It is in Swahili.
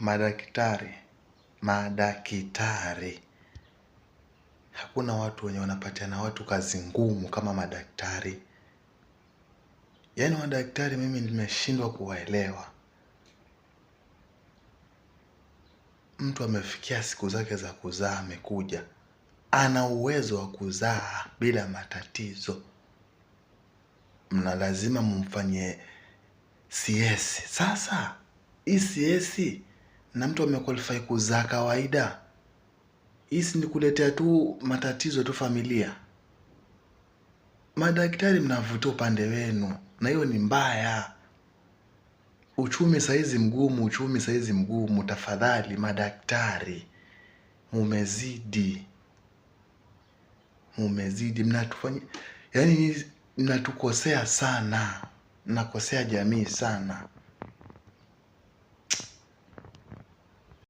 Madaktari, madaktari Hakuna watu wenye wanapatiana watu kazi ngumu kama madaktari. Yaani madaktari mimi nimeshindwa kuwaelewa. Mtu amefikia siku zake za kuzaa, amekuja ana uwezo wa kuzaa bila matatizo, mna lazima mumfanyie siesi Sasa hii siesi na mtu amequalify kuzaa kawaida. Hisi ni kuletea tu matatizo tu familia. Madaktari mnavutia upande wenu, na hiyo ni mbaya. Uchumi saizi mgumu, uchumi saizi mgumu. Tafadhali madaktari, mumezidi, mumezidi, mnatufanya yani mnatukosea sana, mnakosea jamii sana.